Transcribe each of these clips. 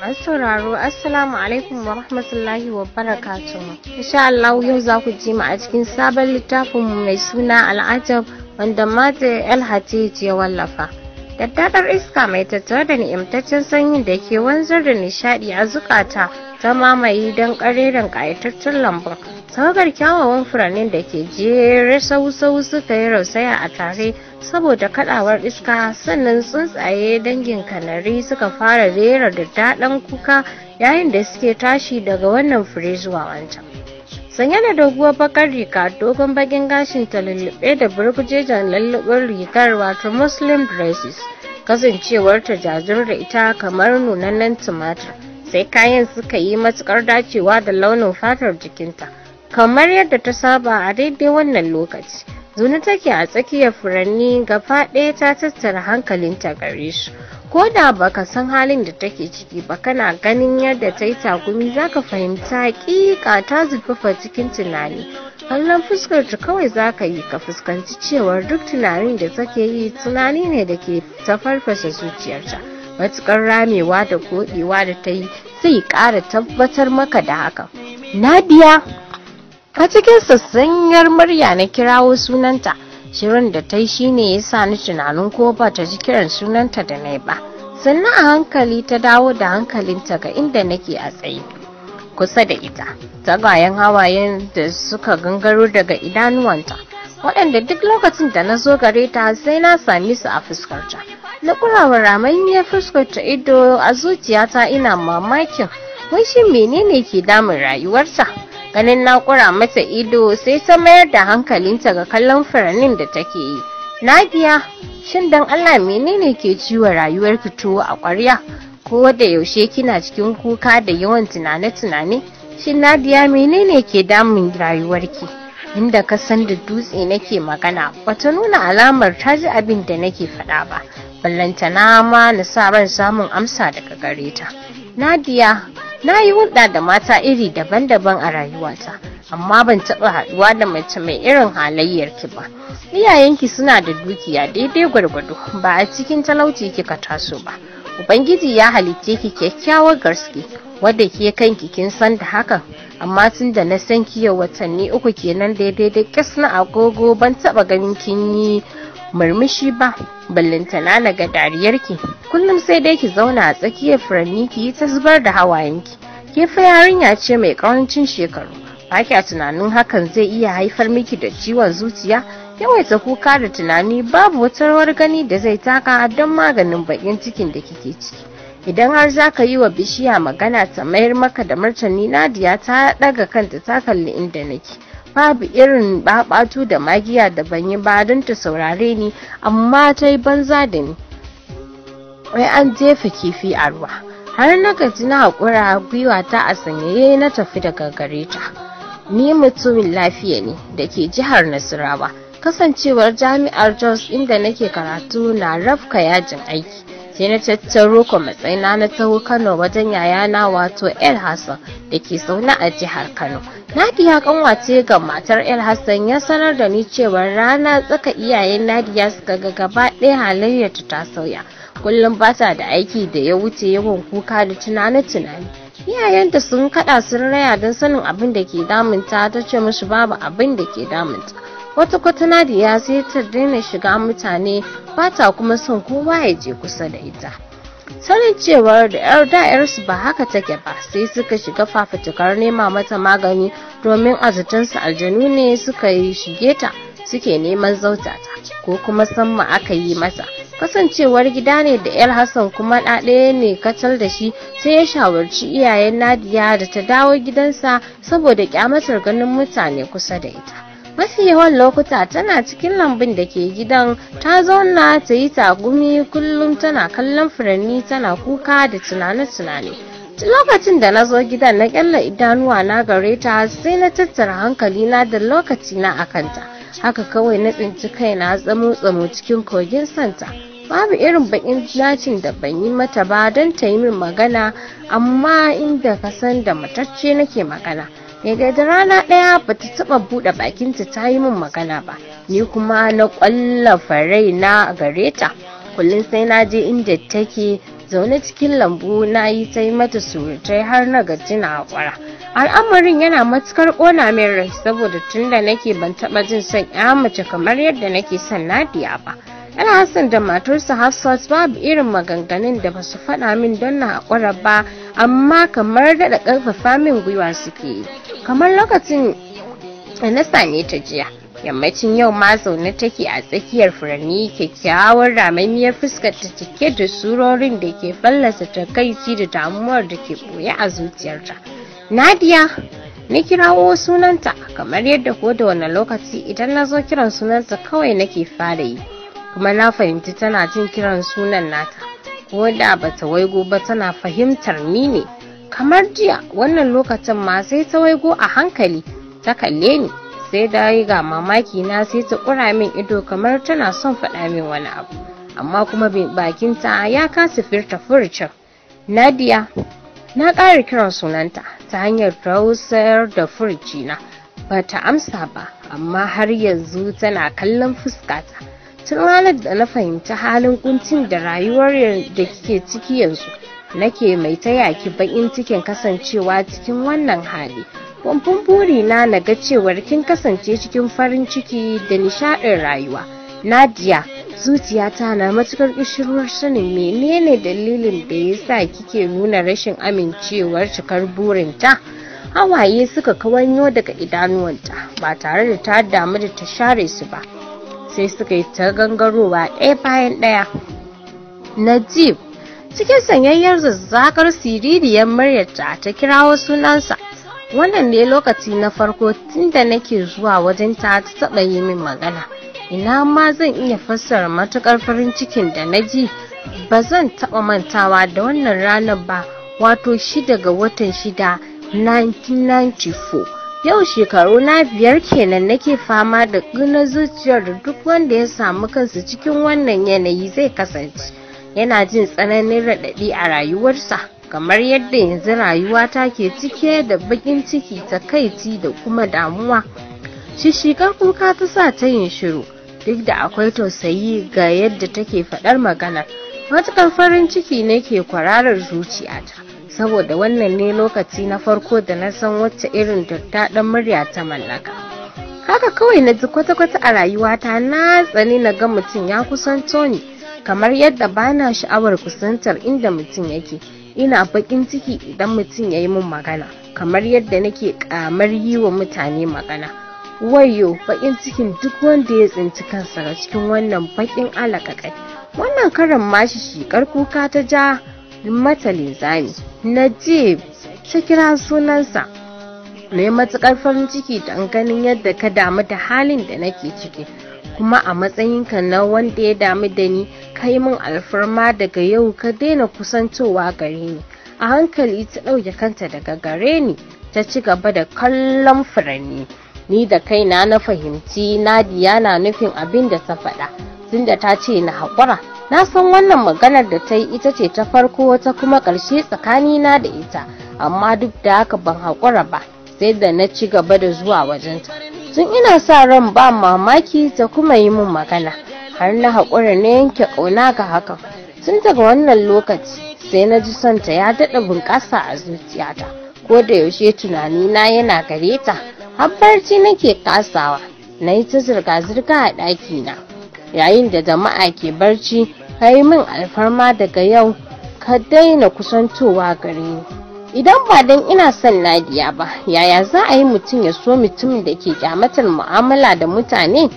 masu sauraro assalamu alaikum wa rahmatullahi wa barakatuhu insha Allah yau za ku ji mu a cikin sabon littafin mu mai suna al'ajab wanda mata el hatij ya wallafa daddadar iska mai tattare da ni'imtaccen sanyin da ke wanzar da nishaɗi a zukata ta mamaye don ƙareren kayataccen lambun tawagar kyawawan furannin da ke jere sau-sau suka yi rausaya a tare saboda kadawar iska sannan tsuntsaye dangin kanari suka fara rera da daɗan kuka yayin da suke tashi daga wannan fure zuwa wancan sanye da doguwar bakar riga dogon bakin gashin ta lullube da burgujejen lullubin rigar wato muslim dresses kasancewar ta jajur da ita kamar nunannen tumatir sai kayan suka yi matukar dacewa da launin fatar jikinta kamar yadda ta saba a daidai wannan lokaci zuna take a tsakiyar furanni gaba ɗaya ta tattara hankalinta gare shi ko da baka san halin da take ciki ba kana ganin yadda ta yi takumi za ka fahimta hakika ta zurfafa cikin tunani kallon fuskar ta kawai ka yi ka fuskanci cewar duk tunanin da take yi tunani ne da ke ta farfasa zuciyarta matukar ramewa da godewa da ta yi zai ƙara tabbatar maka da haka biya. a cikin sassanyar murya na kirawo sunanta shirin da ta yi shine ya sa ni tunanin ko ba ta ji kiran sunanta da na ba sannan a hankali ta dawo da hankalinta ga inda nake a tsaye kusa da ita tagayen hawaye da suka gangaro daga idanuwanta waɗanda duk lokacin da na zo gare ta sai na same su a fuskarta na kurawa ramanniyar fuskarta ido a zuciyata ina mamakin wai shin menene ke damun rayuwarta ganin na kura mata ido sai ta mayar da hankalinta ga kallon furannin da take yi nadiya shin dan allah menene ke ciwo rayuwar fito a kwarya ko da yaushe kina cikin kuka da yawan tunane-tunane shin nadiya menene ke damun rayuwarki inda ka san da dutse nake magana bata nuna alamar ta ji abin da nake faɗa ba ballanta na ma na sa ran samun amsa daga gare ta nadiya na yi hulɗa da mata iri daban-daban a rayuwata amma ban taɓa haɗuwa da mace mai irin halayyar ki ba iyayenki suna da dukiya daidai gwargwado ba a cikin talauci kika taso ba ubangiji ya halicce ki kyakkyawar gaske wadda ke kanki kin san da hakan amma tun da na san ki yau watanni uku kenan daidai da kis na agogo ban taɓa ganin kin yi murmushi ba ballantana na ga dariyarki kullum sai dai ki zauna a tsakiyar furanni ki yi ta zubar da hawayenki ke fa yarinya ce mai ƙarancin shekaru ba kya tunanin hakan zai iya haifar miki da ciwon zuciya yawaita kuka da tunani babu wata rawar gani da zai taka don maganin bakin cikin da kike ciki idan har za ka yi wa bishiya magana ta mayar maka da martani nadiya ta daga kanta ta kalli inda nake babu irin babatu da magiya da ban yi ba don ta saurare ni amma ta yi banza da ni wai an jefa kifi a ruwa har na gaji na haƙura gwiwa ta a sanyaye na tafi daga gare ta ni mutumin lafiya ne da ke jihar nasirawa kasancewar jami'ar jos inda nake karatu na rafka yajin aiki sai na tattaro ko matsayina na taho kano wajen yayana wato el hassan da ke zaune a jihar kano nadiya kanwace ga matar el hassan ya sanar da ni cewa rana tsaka iyayen nadiya suka ga gaba ɗaya halayyar ta sauya kullum ba ta da aiki da ya wuce yawan kuka da tunani-tunani. iyayenta sun kada sun raya don sanin abin da ke damunta ta ce musu babu abin da ke damunta kwata-kwata nadiya sai ta daina shiga mutane ba ta kuma son kowa ya je kusa da ita sanin cewar da yar da 'yarsu ba haka take ba sai suka shiga fafutukar nema mata magani domin azutansu aljanu ne suka yi shige ta suke neman zauta ta ko kuma samma aka yi mata kasancewar gida ne da yar hassan kuma ɗaɗaya ne kacal da shi sai ya shawarci iyayen nadiya da ta dawo gidansa saboda kyamatar ganin mutane kusa da ita mafi yawan lokuta tana cikin lambun da ke gidan ta zauna ta yi tagumi kullum tana kallon furanni tana kuka da tunane-tunane lokacin da na zo gidan na kyalla idanuwa na gare ta sai na tattara hankali na da lokaci na akanta haka kawai na tsinci kaina tsamo-tsamo cikin kogin santa babu irin bakin lacin da ban yi mata ba don ta yi min magana amma inda ka san da matacce nake magana ne da rana ɗaya ba ta taɓa buɗe bakinta ta yi min magana ba ni kuma na ƙwallafa rai na gare ta kullum sai na je inda take zaune cikin lambu na yi ta yi mata surutai har na gaji na haƙura al'amarin yana matukar ƙona min rai saboda tunda nake ban taɓa jin son ya mace kamar yadda nake son nadiya ba Hassan da matarsa hafsat babu irin maganganun da ba su faɗa min don na haƙura ba amma kamar daɗa ƙarfafa min gwiwa suke yi. kamar lokacin na same ta jiya yammacin yau ma zaune take a tsakiyar furanni kyakkyawar ramamiyar fuskar ta cike da surorin da ke fallasa takaici da damuwar da ke ɓoye a zuciyarta nadiya na kirawo sunanta kamar yadda ko da wani lokaci idan na zo kiran sunanta kawai nake fara yi kuma na fahimci tana jin kiran sunan nata ko da bata waigo ba tana fahimtar ni ne kamar jiya wannan lokacin ma sai ta waigo a hankali ta kalle ni sai da ga mamaki na sai ta ƙura min ido kamar tana son faɗa min wani abu amma kuma bakin ta ya kasa firta furcin Nadia na ƙara kiran sunanta ta hanyar tausayar da furcina ba ta amsa ba amma har yanzu tana kallon fuskata tun ranar da na fahimci halin kuncin da rayuwar da kike ciki yanzu nake mai taya ki bakin cikin kasancewa cikin wannan hali kumfun buri na na ga cewar kin kasance cikin farin ciki da nishaɗin rayuwa. Nadia, zuciyata na matukar ƙishirwar sanin menene dalilin da ya sa kike nuna rashin amincewar cikar burinta. Hawaye suka kawanyo daga idanuwanta ba tare da ta damu da ta share su ba. sai suka yi ta gangarowa ɗaya bayan ɗaya najib cikin sanyayyar zazzakar siririyar muryarta ta kirawo sunansa wannan ne lokaci na farko tun da nake zuwa wajen ta ta taɓa yi min magana ina ma zan iya fassara matukar farin cikin da na ji ba zan taɓa mantawa da wannan ranar ba wato shida ga watan shida 1994 yau shekaru na biyar kenan nake fama da ƙunar zuciyar da duk wanda ya samu kansa cikin wannan yanayi zai kasance yana jin tsananin raɗaɗi a rayuwarsa kamar yadda yanzu rayuwa ta ke cike da baƙin ciki ta takaici da kuma damuwa shishigar kuka ta sa ta yin shiru duk da akwai tausayi ga yadda take faɗar maganar matukar farin ciki nake kwararar zuciyata saboda wannan ne lokaci na farko da na san wacce irin dan murya ta mallaka haka kawai na ji kwata-kwata a rayuwata na tsani na ga mutum ya kusanto ni kamar yadda bana sha'awar kusantar inda mutum yake ina baƙin ciki idan mutum ya yi min magana kamar yadda nake ƙamar yi wa mutane magana wayo baƙin cikin duk wanda ya tsinci kansa ga cikin wannan baƙin alaƙaƙai wannan karan mashi shi kuka ta ja mata linzami najib ta kira sunansa na yi matuƙar farin ciki don ganin yadda ka damu da halin da nake ciki kuma a matsayinka na wanda ya damu da ni ka yi min alfarma daga yau ka daina kusantowa gare ni a hankali ta ɗauke kanta daga gare ni ta ci gaba da kallon furanni ni da kaina na fahimci Nadia na nufin abin da ta faɗa tunda ta ce na haƙura na san wannan maganar da ta yi ita ce ta farko ta kuma ƙarshe tsakanina da ita amma duk da haka ban haƙura ba sai da na ci gaba da zuwa wajenta tun ina sa ran ba mamaki ta kuma yi min magana har na haƙura na yanke ƙauna ga hakan tun daga wannan lokaci sai na ji santa ya daɗa bunƙasa a zuciyata ko da yaushe tunanina yana gare ta har barci nake kasawa na yi ta zirga-zirga a ɗakina yayin da jama'a ke barci ka yi min alfarma daga yau ka daina kusantowa gare ni idan ba don ina son nadiya ba yaya za a yi mutum ya so mutum da ke kyamatar mu'amala da mutane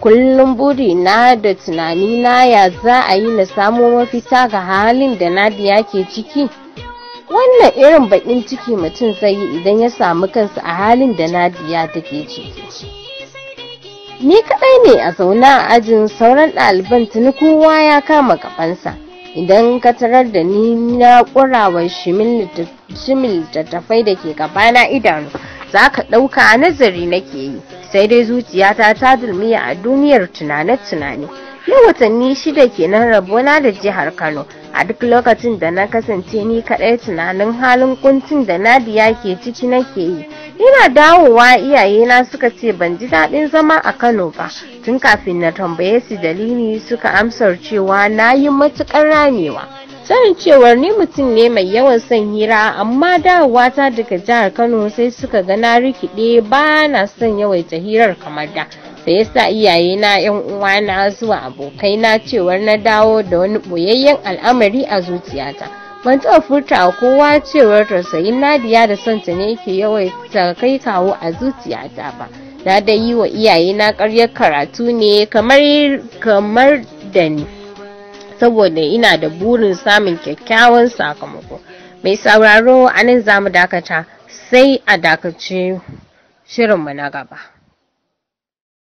kullum buri na da tunani na ya za a yi na samo mafita ga halin da nadiya ke ciki wannan irin bakin ciki mutum zai yi idan ya samu kansa a halin da nadiya take ciki ni kadai ne a zauna a ajin sauran ɗaliban tuni kowa ya kama kafansa idan ka tarar da ni na ƙurawa shimin littattafai da ke gabana idanu za ka ɗauka a nazari nake yi sai dai zuciyata ta dulmiya a duniyar tunane-tunane yau watanni shida kenan rabona da jihar kano a duk lokacin da na kasance ni kaɗai tunanin halin kuncin da nadiya ke ciki nake yi ina dawowa iyayena suka ce ban ji daɗin zama a kano ba tun kafin na tambaye su dalili suka amsar cewa na yi matuƙar ramewa sanin cewar ni mutum ne mai yawan son hira amma dawowa ta daga jihar kano sai suka ga na rikide ba na son yawaita hirar kamar da da ya sa iyayena yan uwana zuwa abokaina cewar na dawo da wani boyayyen al'amari a zuciyata ban taɓa furta kowa cewar tausayin nadiya da son ta ne yake yawaita kai kawo a zuciyata ba na da yi wa iyayena karyar karatu ne kamar da ni saboda ina da burin samun kyakkyawan sakamako mai sauraro anan nan za dakata sai a dakace shirinmu na gaba